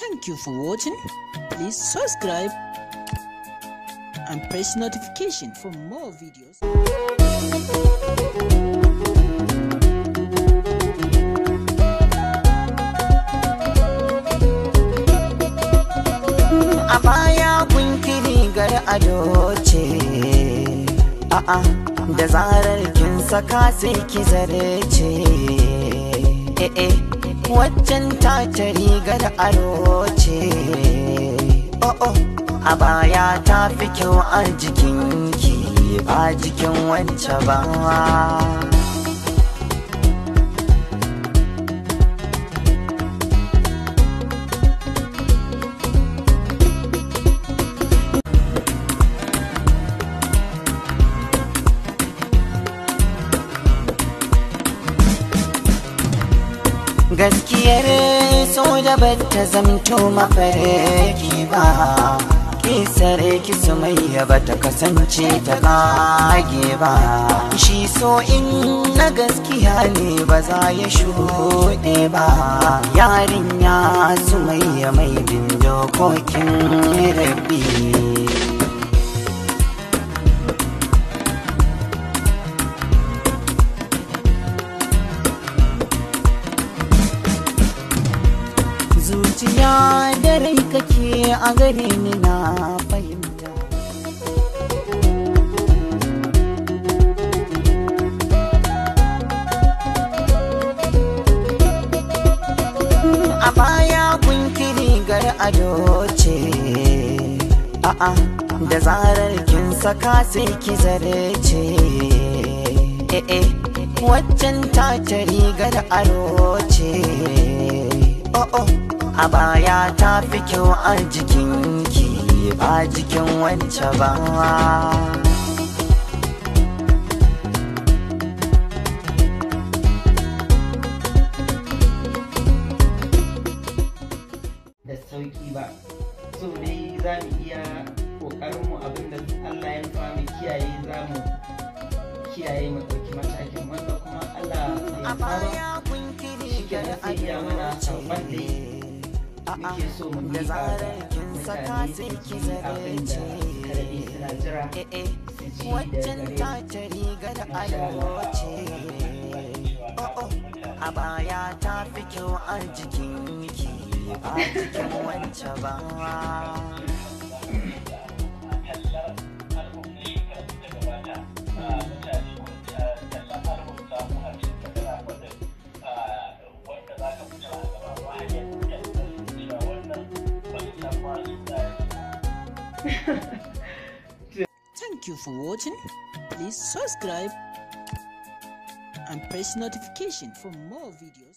Thank you for watching. Please subscribe and press notification for more videos. ado ce a'a da zarar kin saka sai ki zare ce eh eh waccan ta ce rigar aro ce oh, oh a baya ta fi kyau a jikinki ba jikin wance ba gaskiyar soja bata zamto mafarki ba kisar kisu mai yaba ta kasance ta kage ba shi so in na gaskiya ne ba za ya shuɗe ba yarinya su mai mai bin rabbi na da rai kake a gare ni na fahimta a baya kun kiri gar ado ce a'a da zarar kin saka sai ki zare ce e'e eh, eh, waccan ta ta rigar aro ce oh, oh. a baya ta fi kyau a jikinki ba jikin wance ba da sauki ba so dai za mu iya ƙoƙarinmu abinda allah ya nufa mu kiyaye za mu kiyaye mu ɗauki matakin wanda kuma allah ya shi ke nasa iya mana wanda da zarar kin saka sai ki zarce waccan ta ta rigar ayo ce oh, oh. a baya ta fi kyau a jikin ki ba jikin wancan ba Thank you for watching. Please subscribe and press notification for more videos.